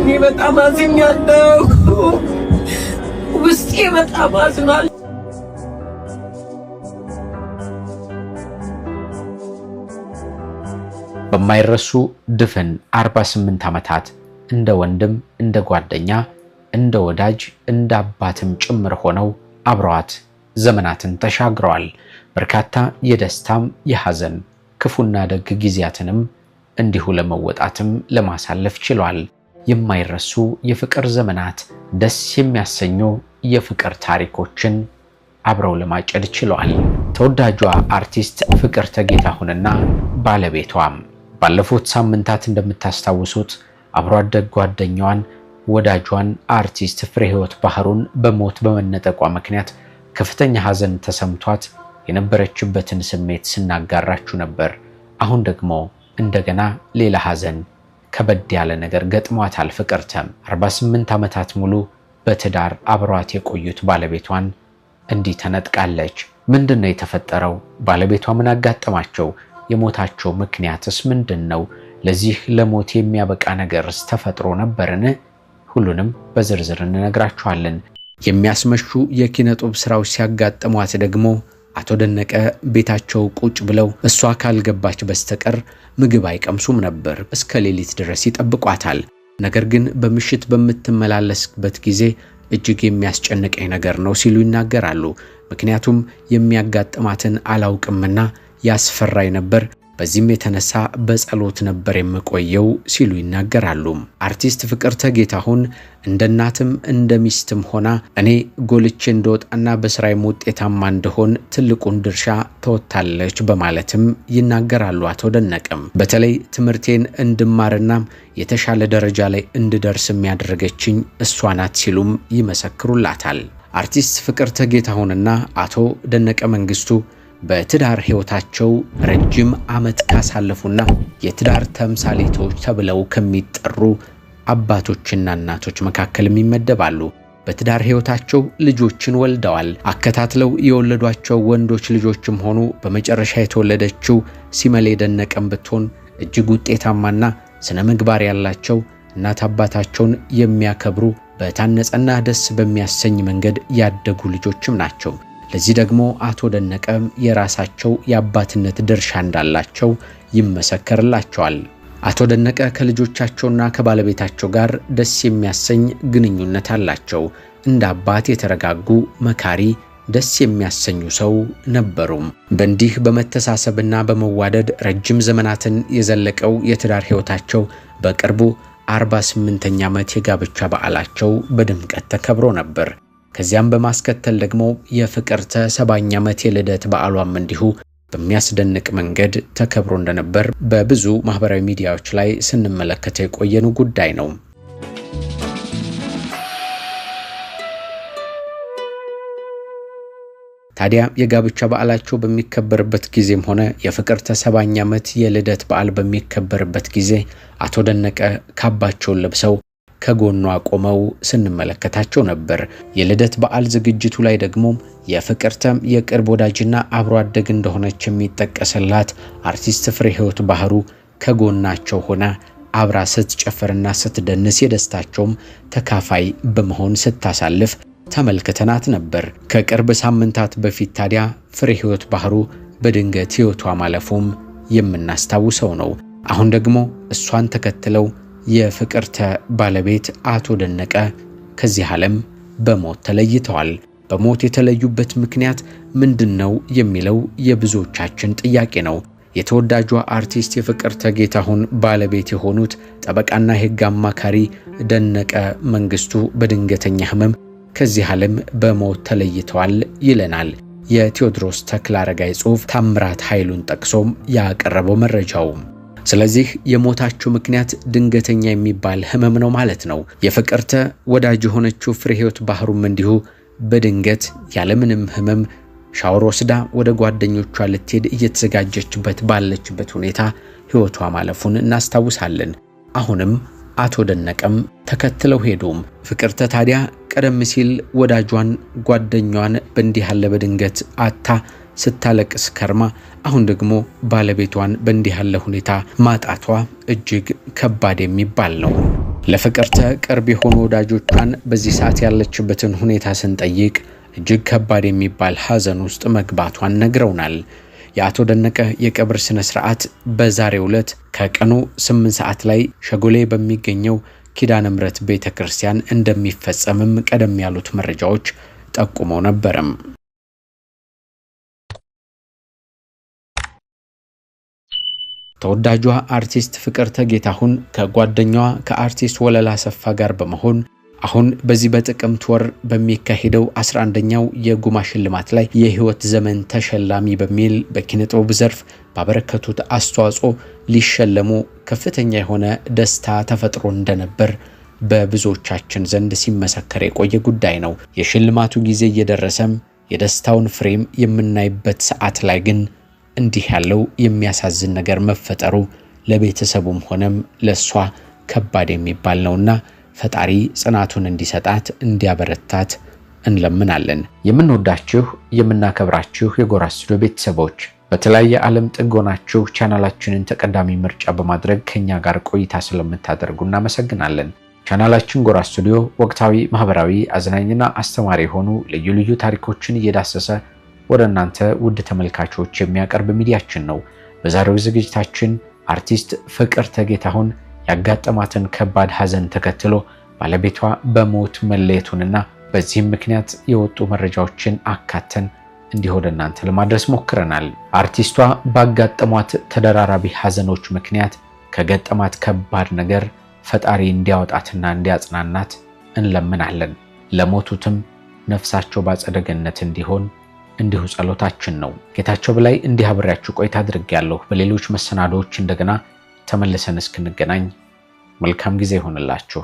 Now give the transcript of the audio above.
እኔ በጣም አዝኛለሁ። ውስጤ በጣም አዝኗል። በማይረሱ ድፍን 48 ዓመታት እንደ ወንድም፣ እንደ ጓደኛ፣ እንደ ወዳጅ፣ እንደ አባትም ጭምር ሆነው አብረዋት ዘመናትን ተሻግረዋል። በርካታ የደስታም የሐዘን ክፉና ደግ ጊዜያትንም እንዲሁ ለመወጣትም ለማሳለፍ ችሏል። የማይረሱ የፍቅር ዘመናት፣ ደስ የሚያሰኙ የፍቅር ታሪኮችን አብረው ለማጨድ ችሏል። ተወዳጇ አርቲስት ፍቅርተ ጌታሁንና ባለቤቷም ባለፉት ሳምንታት እንደምታስታውሱት አብሮ አደግ ጓደኛዋን ወዳጇን አርቲስት ፍሬህይወት ባህሩን በሞት በመነጠቋ ምክንያት ከፍተኛ ሐዘን ተሰምቷት የነበረችበትን ስሜት ስናጋራችሁ ነበር። አሁን ደግሞ እንደገና ሌላ ሐዘን ከበድ ያለ ነገር ገጥሟታል። ፍቅርተም 48 ዓመታት ሙሉ በትዳር አብሯት የቆዩት ባለቤቷን እንዲህ ተነጥቃለች። ምንድን ነው የተፈጠረው? ባለቤቷ ምን አጋጠማቸው? የሞታቸው ምክንያትስ ምንድን ነው? ለዚህ ለሞት የሚያበቃ ነገርስ ተፈጥሮ ነበርን? ሁሉንም በዝርዝር እንነግራችኋለን። የሚያስመሹ የኪነ ጡብ ስራዎች ሲያጋጥሟት ደግሞ አቶ ደነቀ ቤታቸው ቁጭ ብለው እሷ ካልገባች በስተቀር ምግብ አይቀምሱም ነበር። እስከ ሌሊት ድረስ ይጠብቋታል። ነገር ግን በምሽት በምትመላለስበት ጊዜ እጅግ የሚያስጨንቀኝ ነገር ነው ሲሉ ይናገራሉ። ምክንያቱም የሚያጋጥማትን አላውቅምና ያስፈራኝ ነበር በዚህም የተነሳ በጸሎት ነበር የምቆየው ሲሉ ይናገራሉ። አርቲስት ፍቅርተ ጌታሁን እንደ እናትም እንደ ሚስትም ሆና እኔ ጎልቼ እንደወጣና በስራዬም ውጤታማ እንደሆን ትልቁን ድርሻ ተወጥታለች በማለትም ይናገራሉ። አቶ ደነቅም በተለይ ትምህርቴን እንድማርና የተሻለ ደረጃ ላይ እንድደርስ የሚያደረገችኝ እሷ ናት ሲሉም ይመሰክሩላታል። አርቲስት ፍቅርተ ጌታሁንና አቶ ደነቀ መንግስቱ በትዳር ሕይወታቸው ረጅም ዓመት ካሳለፉና የትዳር ተምሳሌቶች ተብለው ከሚጠሩ አባቶችና እናቶች መካከልም ይመደባሉ። በትዳር ሕይወታቸው ልጆችን ወልደዋል። አከታትለው የወለዷቸው ወንዶች ልጆችም ሆኑ በመጨረሻ የተወለደችው ሲመሌ ደነቀም ብትሆን እጅግ ውጤታማና ስነ ምግባር ያላቸው እናት አባታቸውን የሚያከብሩ በታነጸና ደስ በሚያሰኝ መንገድ ያደጉ ልጆችም ናቸው። ለዚህ ደግሞ አቶ ደነቀም የራሳቸው የአባትነት ድርሻ እንዳላቸው ይመሰከርላቸዋል። አቶ ደነቀ ከልጆቻቸውና ከባለቤታቸው ጋር ደስ የሚያሰኝ ግንኙነት አላቸው። እንደ አባት የተረጋጉ መካሪ፣ ደስ የሚያሰኙ ሰው ነበሩም። በእንዲህ በመተሳሰብና በመዋደድ ረጅም ዘመናትን የዘለቀው የትዳር ሕይወታቸው በቅርቡ 48ኛ ዓመት የጋብቻ በዓላቸው በድምቀት ተከብሮ ነበር። ከዚያም በማስከተል ደግሞ የፍቅርተ ሰባኛ ዓመት የልደት በዓሏም እንዲሁ በሚያስደንቅ መንገድ ተከብሮ እንደነበር በብዙ ማህበራዊ ሚዲያዎች ላይ ስንመለከተው የቆየኑ ጉዳይ ነው። ታዲያ የጋብቻ በዓላቸው በሚከበርበት ጊዜም ሆነ የፍቅርተ ሰባኛ ዓመት የልደት በዓል በሚከበርበት ጊዜ አቶ ደነቀ ካባቸውን ለብሰው ከጎኗ ቆመው ስንመለከታቸው ነበር። የልደት በዓል ዝግጅቱ ላይ ደግሞ የፍቅርተም የቅርብ ወዳጅና አብሮ አደግ እንደሆነች የሚጠቀስላት አርቲስት ፍሬ ህይወት ባህሩ ከጎናቸው ሆና አብራ ስትጨፍርና ስትደንስ የደስታቸውም ተካፋይ በመሆን ስታሳልፍ ተመልክተናት ነበር። ከቅርብ ሳምንታት በፊት ታዲያ ፍሬ ህይወት ባህሩ በድንገት ህይወቷ ማለፉም የምናስታውሰው ነው። አሁን ደግሞ እሷን ተከትለው የፍቅርተ ባለቤት አቶ ደነቀ ከዚህ ዓለም በሞት ተለይተዋል። በሞት የተለዩበት ምክንያት ምንድን ነው የሚለው የብዙዎቻችን ጥያቄ ነው። የተወዳጇ አርቲስት የፍቅርተ ጌታሁን ባለቤት የሆኑት ጠበቃና የሕግ አማካሪ ደነቀ መንግስቱ በድንገተኛ ህመም ከዚህ ዓለም በሞት ተለይተዋል ይለናል የቴዎድሮስ ተክለ አረጋይ ጽሑፍ ታምራት ኃይሉን ጠቅሶም ያቀረበው መረጃው ስለዚህ የሞታችሁ ምክንያት ድንገተኛ የሚባል ህመም ነው ማለት ነው። የፍቅርተ ወዳጅ የሆነችው ፍሬህይወት ባህሩም እንዲሁ በድንገት ያለምንም ህመም ሻወር ወስዳ ወደ ጓደኞቿ ልትሄድ እየተዘጋጀችበት ባለችበት ሁኔታ ህይወቷ ማለፉን እናስታውሳለን። አሁንም አቶ ደነቀም ተከትለው ሄዱም። ፍቅርተ ታዲያ ቀደም ሲል ወዳጇን ጓደኛዋን በእንዲህ ያለ በድንገት አታ ስታለቅስ ከርማ አሁን ደግሞ ባለቤቷን በእንዲህ ያለ ሁኔታ ማጣቷ እጅግ ከባድ የሚባል ነው። ለፍቅርተ ቅርብ የሆኑ ወዳጆቿን በዚህ ሰዓት ያለችበትን ሁኔታ ስንጠይቅ እጅግ ከባድ የሚባል ሐዘን ውስጥ መግባቷን ነግረውናል። የአቶ ደነቀ የቀብር ስነ ስርዓት በዛሬው ዕለት ከቀኑ 8 ሰዓት ላይ ሸጎሌ በሚገኘው ኪዳነ ምሕረት ቤተ ክርስቲያን እንደሚፈጸምም ቀደም ያሉት መረጃዎች ጠቁመው ነበረም። ተወዳጇ አርቲስት ፍቅርተ ጌታሁን ከጓደኛዋ ከአርቲስት ወለላ ሰፋ ጋር በመሆን አሁን በዚህ በጥቅምት ወር በሚካሄደው 11ኛው የጉማ ሽልማት ላይ የህይወት ዘመን ተሸላሚ በሚል በኪነ ዘርፍ ባበረከቱት አስተዋጽኦ ሊሸለሙ ከፍተኛ የሆነ ደስታ ተፈጥሮ እንደነበር በብዙዎቻችን ዘንድ ሲመሰከር የቆየ ጉዳይ ነው። የሽልማቱ ጊዜ እየደረሰም የደስታውን ፍሬም የምናይበት ሰዓት ላይ ግን እንዲህ ያለው የሚያሳዝን ነገር መፈጠሩ ለቤተሰቡም ሆነም ለእሷ ከባድ የሚባል ነውና ፈጣሪ ጽናቱን እንዲሰጣት እንዲያበረታት እንለምናለን። የምንወዳችሁ የምናከብራችሁ የጎራ ስቱዲዮ ቤተሰቦች በተለያየ ዓለም ጥግ ሆናችሁ ቻናላችንን ተቀዳሚ ምርጫ በማድረግ ከኛ ጋር ቆይታ ስለምታደርጉ እናመሰግናለን። ቻናላችን ጎራ ስቱዲዮ ወቅታዊ፣ ማህበራዊ፣ አዝናኝና አስተማሪ የሆኑ ልዩ ልዩ ታሪኮችን እየዳሰሰ ወደ እናንተ ውድ ተመልካቾች የሚያቀርብ ሚዲያችን ነው። በዛሬው ዝግጅታችን አርቲስት ፍቅርተ ጌታሁን ያጋጠማትን ከባድ ሐዘን ተከትሎ ባለቤቷ በሞት መለየቱንና በዚህም ምክንያት የወጡ መረጃዎችን አካተን እንዲህ ወደ እናንተ ለማድረስ ሞክረናል። አርቲስቷ ባጋጠሟት ተደራራቢ ሐዘኖች ምክንያት ከገጠማት ከባድ ነገር ፈጣሪ እንዲያወጣትና እንዲያጽናናት እንለምናለን። ለሞቱትም ነፍሳቸው ባጸደ ገነት እንዲሆን እንዲሁ ጸሎታችን ነው። ጌታቸው በላይ እንዲህ አብሬያችሁ ቆይታ አድርጌያለሁ። በሌሎች መሰናዶዎች እንደገና ተመልሰን እስክንገናኝ መልካም ጊዜ ይሆንላችሁ።